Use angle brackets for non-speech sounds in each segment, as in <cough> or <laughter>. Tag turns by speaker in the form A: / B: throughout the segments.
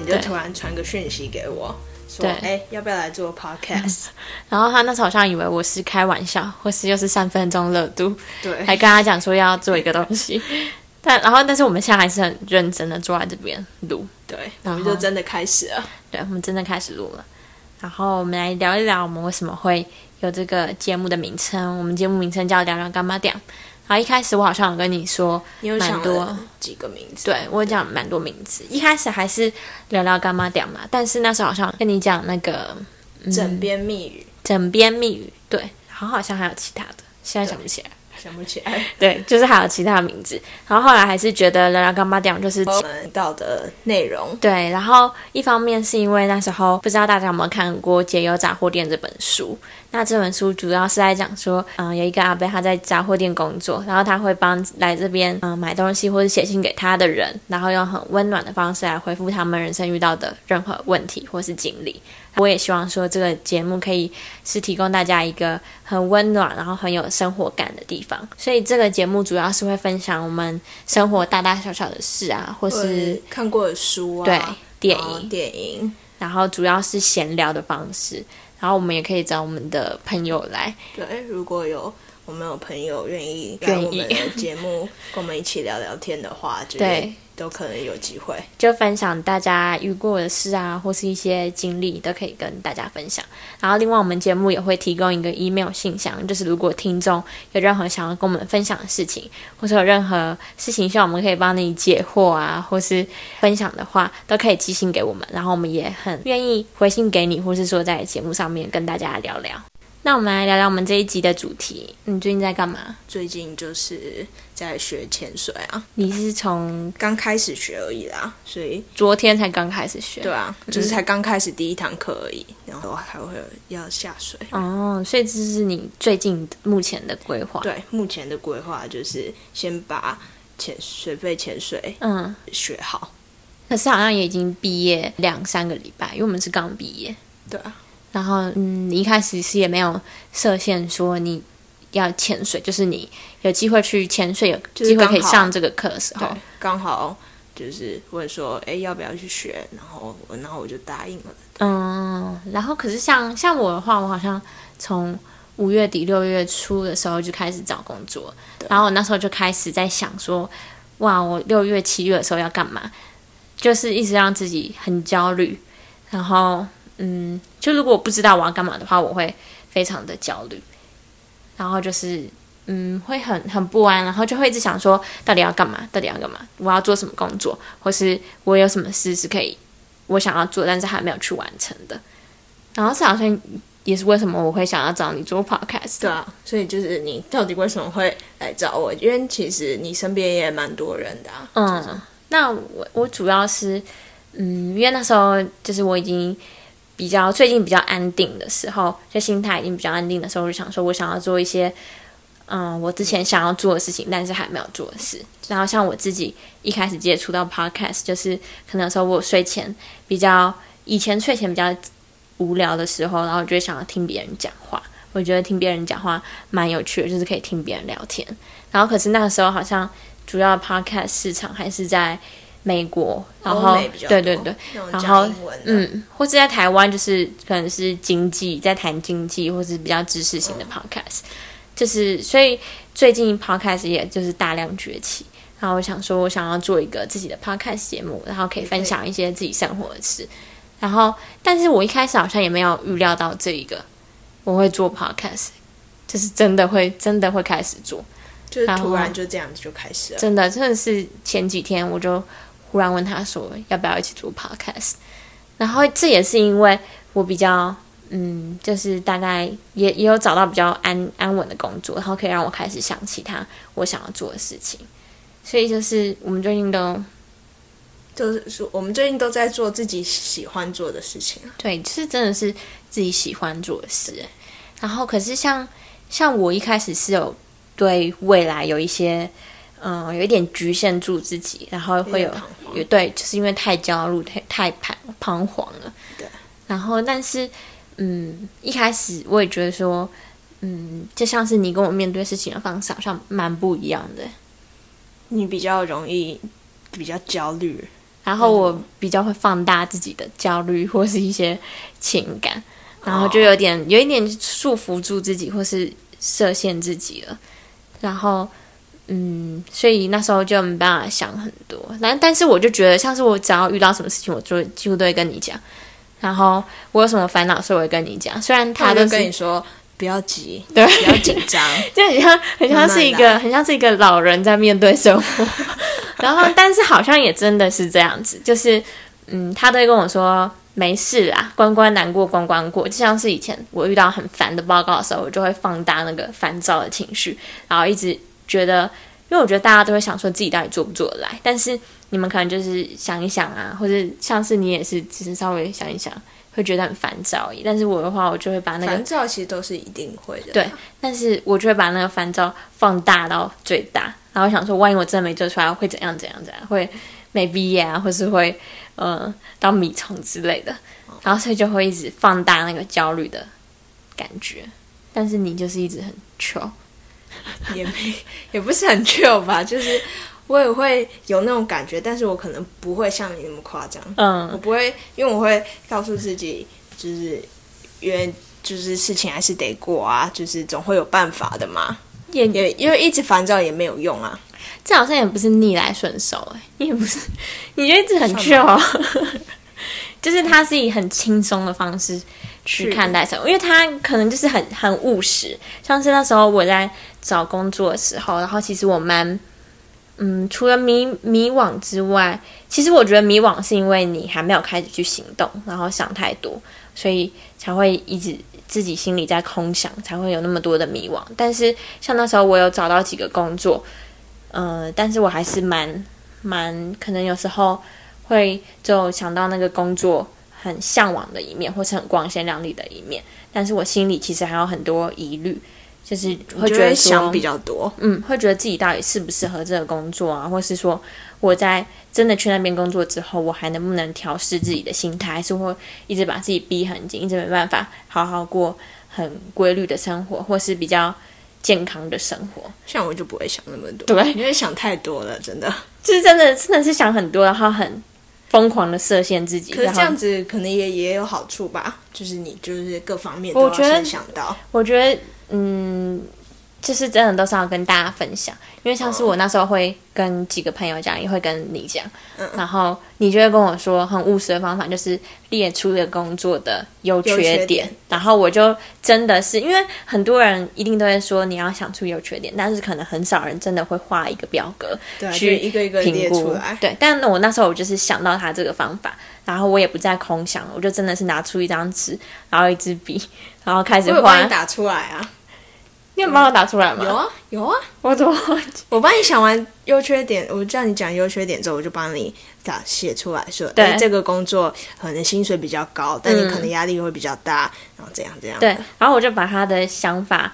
A: 你就突然傳個訊息給我對說：“哎、欸，要不要來做 podcast？”
B: <laughs> 然後他那時候好像以為我是開玩笑，或是又是三分鐘熱度，對，還跟他講說要做一個東西。 <laughs> 但然後，但是我們現在還是很認真的坐在這邊錄，對，然後我們就真的開始了。對我們真的開始錄了，然後我們來聊一聊我們為什麼會有這個節目的名稱。我們節目名稱叫“聊聊柑仔店”。然後一開始我好像跟你說，你有蠻多幾個名字？對我講，蠻多，對我講蠻多名字。一開始還是聊聊柑仔店嘛，但是那時候好像跟你講那個枕邊密語，枕邊密語。對，然後好像還有其他的，現在想不起來，想不起來。對，就是還有其他的名字。 <laughs> 然後後來還是覺得聊聊柑仔店就是我們提到的內容。對，然後一方面是因為那時候不知道大家有沒有看過《解憂雜貨店》這本書。那這本書主要是在講說，嗯，有一個阿伯，他在雜貨店工作，然後他會幫來這邊嗯買東西或者寫信給他的人，然後用很溫暖的方式來回復他們人生遇到的任何問題或是經歷。我也希望說這個節目可以是提供大家一個很溫暖，然後很有生活感的地方。所以這個節目主要是會分享我們生活大大小小的事啊，或是
A: 看過的書啊，對，電影電影，
B: 然後主要是閒聊的方式。然後我們也可以找我們的朋友來。
A: 對，如果有我們有朋友願意，我們的節目跟我們一起聊聊天的話就願意， <laughs> 對。都
B: 可能有機會，就分享大家遇過的事啊，或是一些經歷，都可以跟大家分享。然後，另外我們節目也會提供一個 email 信箱，就是如果聽眾有任何想要跟我們分享的事情，或是有任何事情需要我們可以幫你解惑啊，或是分享的話，都可以寄信給我們。然後我們也很願意回信給你，或是說在節目上面跟大家聊聊。那我們來聊聊我們這一集的主題。你最近在幹嘛？最近
A: 就是在學潛水啊。
B: 你是從剛開始
A: 學而已啦，所以
B: 昨天才剛開始學。對啊，嗯、就是才
A: 剛開始第一堂課而已，然後還會要下水。
B: 哦，所以這是你最近目前的規劃？對，
A: 目前的規劃就是先把潛水費潛水嗯
B: 學好嗯。可是好像也已經畢業兩三個禮拜，因為我們是剛畢業。對啊。然後，嗯，你一開始是也沒有設限，說你要潛水，就是你有機會去潛水，有機會可以上這個課的時候。對，剛好
A: 就是問說，哎，要不要去學？然後，我然後我就答應
B: 了。嗯，然後可是像像我的話，我好像從五月底六月初的時候就開始找工作，對然後我那時候就開始在想說，哇，我六月七月的時候要幹嘛？就是一直讓自己很焦慮，然後。嗯，就如果我不知道我要幹嘛的話，我會非常的焦慮，然後就是嗯，會很很不安，然後就會一直想說，到底要幹嘛？到底要幹嘛？我要做什麼工作，或是我有什麼事是可以我想要做，但是還沒有去完成的。然後是好像也是為什麼我會想要找你做 podcast。對啊，所以就是你到
A: 底為什麼會來找我？因為其實你身邊也蠻多人的啊。嗯，
B: 就是。那我我主要是嗯，因為那時候就是我已經。比較最近比較安定的時候，就心態已經比較安定的時候，我就想說我想要做一些，嗯，我之前想要做的事情，但是還沒有做的事。然後像我自己一開始接觸到 podcast，就是可能說我睡前比較以前睡前比較無聊的時候，然後我就想要聽別人講話。我覺得聽別人講話蠻有趣的，就是可以聽別人聊天。然後可是那個時候好像主要 podcast 市場還是在。美國，然後 Oh，對對對，然後嗯，或是在台灣，就是可能是經濟在談經濟，或是比較知識型的 podcast，Oh. 就是所以最近 podcast 也就是大量崛起。然後我想說，我想要做一個自己的 podcast 節目，然後可以分享一些自己生活的事。Okay. 然後，但是我一開始好像也沒有預料到這一個我會做 podcast，就是真的會真的會開始做，就是突然，然後
A: 就這樣子就開始了。真的
B: 真的是前幾天我就。忽然問他說：“要不要一起做 podcast？” 然後這也是因為我比較，嗯，就是大概也也有找到比較安安穩的工作，然後可以讓我開始想其他我想要做的事情。所以就是我們最近都就是說，我們最近都在做自己喜歡做的事情。對，對，就是真的是自己喜歡做的事。對然後可是像像我一開始是有對未來有一些，嗯，有一點局限住自己，然後會有。也對，就是因為太焦慮、太太彷彷徨了。對。然後，但是，嗯，一開始我也覺得說，嗯，就像是你跟我面對事情的方式好像蠻不一樣的。你比較容易比較焦慮，然後我比較會放大自己的焦慮或是一些情感，然後就有點、哦、有一點束縛住自己或是設限自己了，然後。嗯，所以那時候就沒辦法想很多，但但是我就覺得像是我只要遇到什麼事情，我就幾乎都會跟你講。然後我有什麼煩惱，所以我會跟你講。雖然他都、就是、跟你說不要急，對，不要緊張， <laughs> 就很像很像是一個慢慢來，很像是一個老人在面對生活。 <laughs> 然後，但是好像也真的是這樣子， <laughs> 就是嗯，他都會跟我說沒事啊，關關難過關關過。就像是以前我遇到很煩的報告的時候，我就會放大那個煩躁的情緒，然後一直。覺得，因為我覺得大家都會想說自己到底做不做得來，但是你們可能就是想一想啊，或者像是你也是，只是稍微想一想，會覺得很煩躁而已。但是我的話，我就會把那個煩
A: 躁其實都是一定會的。對，
B: 但是我就會把那個煩躁放大到最大，然後想說，萬一我真的沒做出來，會怎樣怎樣怎樣？會沒畢業啊，或是會嗯、呃、到米蟲之類的，然後所以就會一直放大那個焦慮的感覺。但是你就是一直很窮。
A: 也沒，也不是很 chill 吧，就是我也會有那種感覺，但是我可能不會像你那麼誇張。嗯，我不會，因為我會告訴自己，就是原就是事情還是得過啊，就是總會有辦法的嘛。也
B: 也因為一直煩躁也沒有用啊，這好像也不是逆來順受，欸，你也不是，你就一直很 chill，了 <laughs> 就是他是以很輕鬆的方式，去，的去看待什麼？因為他可能就是很很務實。像是那時候我在找工作的時候，然後其實我蠻嗯，除了迷迷惘之外，其實我覺得迷惘是因為你還沒有開始去行動，然後想太多，所以才會一直自己心裡在空想，才會有那麼多的迷惘。但是像那時候我有找到幾個工作，嗯、呃，但是我還是蠻蠻可能有時候會就想到那個工作。很嚮往的一面，或是很光鮮亮麗的一面，但是我心裡其實還有很多疑慮，就是會覺得，我覺得想比較多，嗯，會覺得自己到底適不適合這個工作啊，或是說我在真的去那邊工作之後，我還能不能調適自己的心態，還是會一直把自己逼很緊，一直沒辦法好好過很規律的生活，或是比較健康的生活。像我就不會想那麼多，對，因為想太多了，真的就是真的真的是想很多，然後很瘋狂的設限自己，可是這樣子
A: 可能也然後也，也有好處吧，就是你就是各方面都要先想
B: 到我。我覺得，嗯。就是真的都想要跟大家分享，因為像是我那時候會跟幾個朋友講，嗯、也會跟你講，嗯、然後你就會跟我說，很務實的方法就是列出一個工作的優缺點，缺點然後我就真的是因為很多人一定都會說你要想出優缺點，但是可能很少人真的會畫一個表格去對一個一個評估。對，但我那時候我就是想到他這個方法，然後我也不再空想，我就真的是拿出一張紙，然後一支筆，然後開始畫。你打出來啊。你有幫我打出來嗎、嗯？有啊，
A: 有啊。我怎麼忘記？我幫你想完優缺點，我叫你講優缺點之後，我就幫你打寫出來說，說對這個工作可能薪水比較高，但你可能壓力會比較大，嗯、然後這樣這樣。對，
B: 然後我就把他的想法，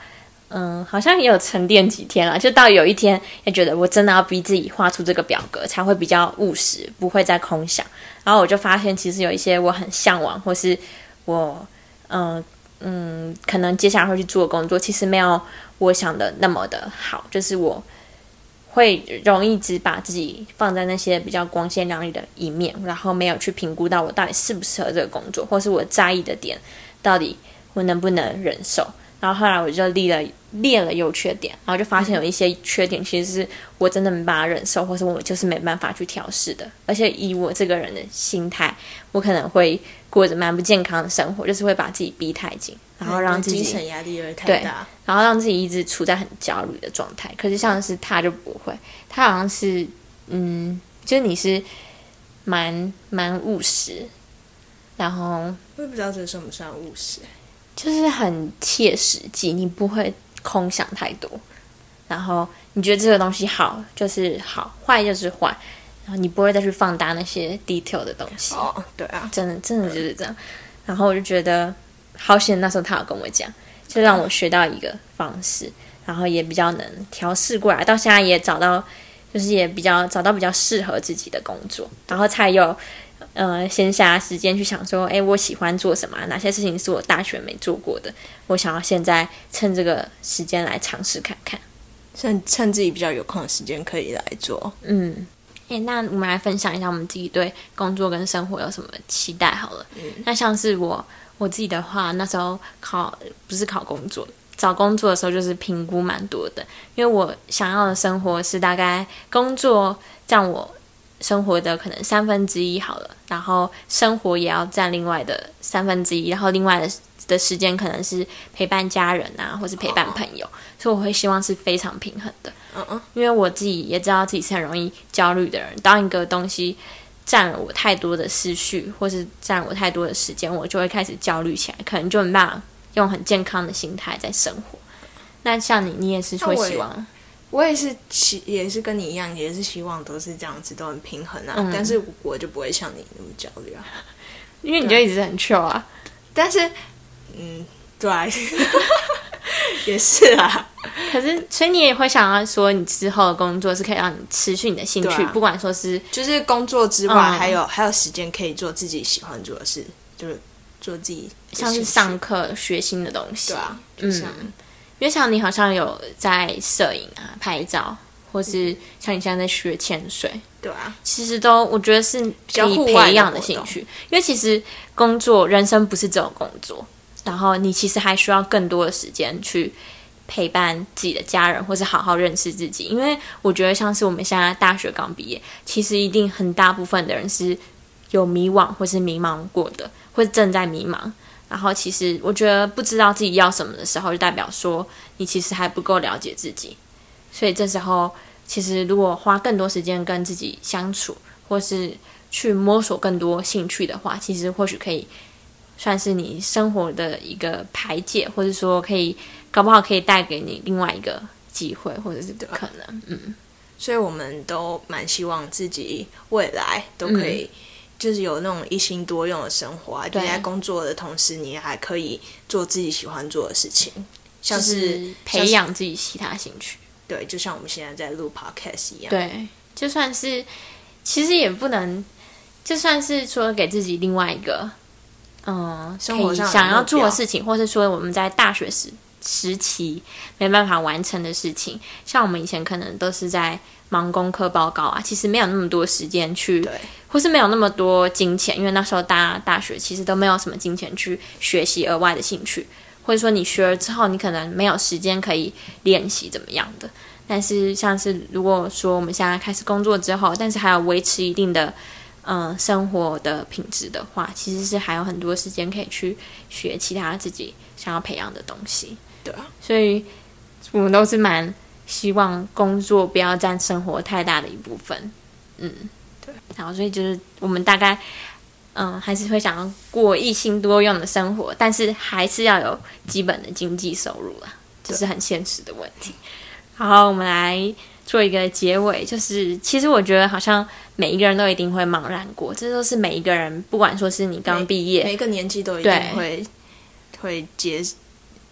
B: 嗯，好像也有沉澱幾天了，就到有一天也覺得我真的要逼自己畫出這個表格，才會比較務實，不會再空想。然後我就發現，其實有一些我很嚮往，或是我嗯。嗯，可能接下來會去做工作，其實沒有我想的那麼的好。就是我會容易只把自己放在那些比較光鮮亮麗的一面，然後沒有去評估到我到底適不適合這個工作，或是我在意的點到底我能不能忍受。然後後來我就立了列了優缺點，然後就發現有一些缺點，其實是我真的沒辦法忍受，或是我就是沒辦法去調試的。而且以我這個人的心態，我可能會過着蠻不健康的生活，就是會把自己逼太緊，然後讓自己、嗯、精神壓
A: 力也會太
B: 大，然後讓自己一直處在很焦慮的狀態。可是像是他就不會，他好像是嗯，就是你是蠻蠻務實，然後
A: 我也不知道這算不算務
B: 實。就是很切實際，你不會空想太多，然後你覺得這個東西好就是好，壞就是壞，然後你不會再去放大那些 detail 的東西。Oh, 對啊，真的真的就是這樣。嗯、然後我就覺得，好險那時候他有跟我講，就讓我學到一個方式，嗯、然後也比較能調適過來，到現在也找到，就是也比較找到比較適合自己的工作，然後才有。呃，閒暇時間去想說，哎、欸，我喜歡做什麼？哪些事情是我大學沒做過的？我想要現在趁這個時間來嘗試看看，趁趁自己比較有空的時間可以來做。嗯，哎、欸，那我們來分享一下我們自己對工作跟生活有什麼期待好了。嗯，那像是我，我自己的話，那時候考不是考工作，找工作的時候就是評估蠻多的，因為我想要的生活是大概工作佔我生活的可能三分之一好了。然後生活也要占另外的三分之一，然後另外的的時間可能是陪伴家人啊，或是陪伴朋友，所以我會希望是非常平衡的。嗯嗯，因為我自己也知道自己是很容易焦慮的人，當一個東西占了我太多的思緒，或是占了我太多的時間，我就會開始焦慮起來，可能就沒辦法用很健康的心態在生活。那像你，你也是會希望？
A: 我也是希也是跟你一樣，也是希望都是這樣子，都很平衡啊。嗯、但是我，我就不會像你那麼焦慮啊，
B: 因為你就一直很糗啊。但是，嗯，對， <laughs> 也是啊。可是，所以你也會想要說，你之後的工作是可以讓你持續你的興趣，啊、不管說是就是工作之外，嗯、還有
A: 還有時間可以做自己喜歡做的事，就是做自己，像是上
B: 課學新的東西，對啊，就是。嗯因想你好像有在攝影啊、拍照，或是像你現在在學潛水，對啊、嗯，其實都我覺得是可以培養的興趣。因為其實工作、人生不是這種工作，然後你其實還需要更多的時間去陪伴自己的家人，或是好好認識自己。因為我覺得像是我們現在大學剛畢業，其實一定很大部分的人是有迷惘或是迷茫過的，或是正在迷茫。然後，其實我覺得不知道自己要什麼的時候，就代表說你其實還不夠了解自己。所以這時候，其實如果花更多時間跟自己相處，或是去摸索更多興趣的話，其實或許可以算是你生活的一個排解，或者說可以搞不好可以帶給你另外一個機會，或者是對可能，對啊、嗯。
A: 所以我們都蠻希望自己未來都可以。嗯就是有那種一心多用的生活啊，對，你在工作的同時，你還可以做自己喜歡做的事情，像是，就是培養
B: 自己其他興趣。對，就像我們現在在錄 podcast 一樣。對，就算是其實也不能，就算是說給自己另外一個嗯，呃，生活上想要做的事情，或是說我們在大學時。實習沒辦法完成的事情，像我們以前可能都是在忙功課、報告啊，其實沒有那麼多時間去，對或是沒有那麼多金錢，因為那時候大大學其實都沒有什麼金錢去學習額外的興趣，或者說你學了之後，你可能沒有時間可以練習怎麼樣的。但是像是如果說我們現在開始工作之後，但是還要維持一定的嗯、呃、生活的品質的話，其實是還有很多時間可以去學其他自己想要培養的東西。對啊，所以，我們都是蠻希望工作不要佔生活太大的一部分，嗯，對。然後，所以就是我們大概，嗯，還是會想要過一心多用的生活，但是還是要有基本的經濟收入了，就是很現實的問題。然後對我們來做一個結尾，就是其實我覺得好像每一個人都一定會茫然過，這都是每一個人，不管說是你剛畢業，每，每個
A: 年紀都一定會
B: 對會結。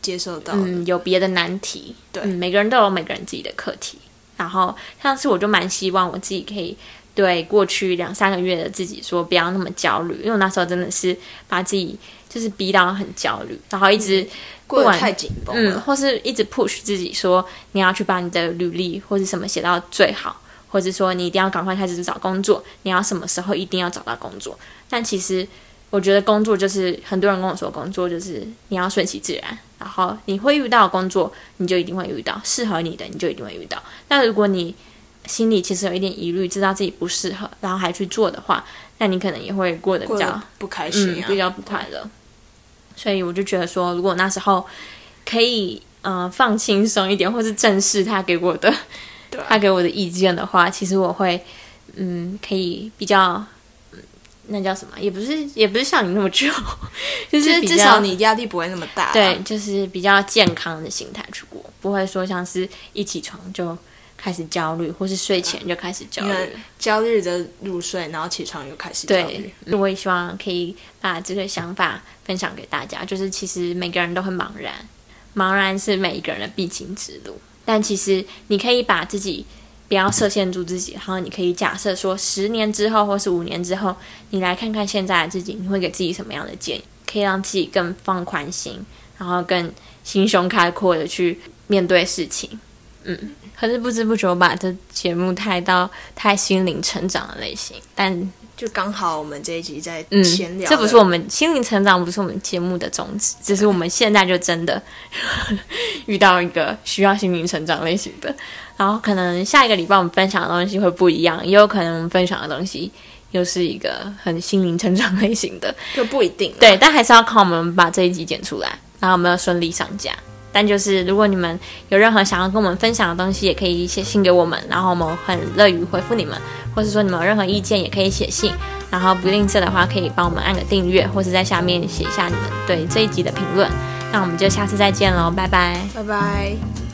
B: 接受到，嗯，有別的難題，對、嗯，每個人都有每個人自己的課題。然後上次我就蠻希望我自己可以對過去兩三個月的自己說不要那麼焦慮，因為我那時候真的是把自己就是逼到很焦慮，然後一直不，過太緊繃了，嗯，或是一直 push 自己說你要去把你的履歷或是什麼寫到最好，或者說你一定要趕快開始去找工作，你要什麼時候一定要找到工作。但其實我覺得工作就是很多人跟我說工作就是你要順其自然。然後你會遇到工作，你就一定會遇到適合你的，你就一定會遇到。那如果你心裡其實有一點疑慮，知道自己不適合，然後還去做的話，那你可能也會過得比較過得不開心，嗯，比較不快樂。對所以我就覺得說，如果那時候可以嗯、呃、放輕鬆一點，或是正視他給我的，對他給我的意見的話，其實我會嗯可以比較。那叫什麼？也不是，也不是像你那麼久，就是比較，就是至少你壓
A: 力不會那麼大啊。對，
B: 就是比較健康的心態去過，不會說像是一起床就開始焦慮，或是睡前就開始焦慮，啊，焦慮着入睡，然後起床又開始焦慮。對，我也希望可以把這個想法分享給大家，就是其實每個人都很茫然，茫然是每一個人的必經之路，但其實你可以把自己。不要設限住自己，然後你可以假設說，十年之後或是五年之後，你來看看現在的自己，你會給自己什麼樣的建議，可以讓自己更放寬心，然後更心胸開闊的去面對事情。嗯，可是不知不覺把這節目帶到太心靈成長的類型，但。
A: 就剛好我們這一集在閒聊了。嗯，這不是我們
B: 心靈成長，不是我們節目的宗旨，只是我們現在就真的對 <laughs> 遇到一個需要心靈成長類型的。然後可能下一個禮拜我們分享的東西會不一樣，也有可能我們分享的東西又是一個很心靈成長類型的，就不一定，啊。對，但還是要靠我們把這一集剪出來，然後我們要順利上架。但就是，如果你們有任何想要跟我們分享的東西，也可以寫信給我們，然後我們很樂於回覆你們。或是說你們有任何意見，也可以寫信。然後不吝嗇的話，可以幫我們按個訂閱，或是在下面寫一下你們對這一集的評論。那我們就下次再見嘍，拜拜，
A: 拜拜。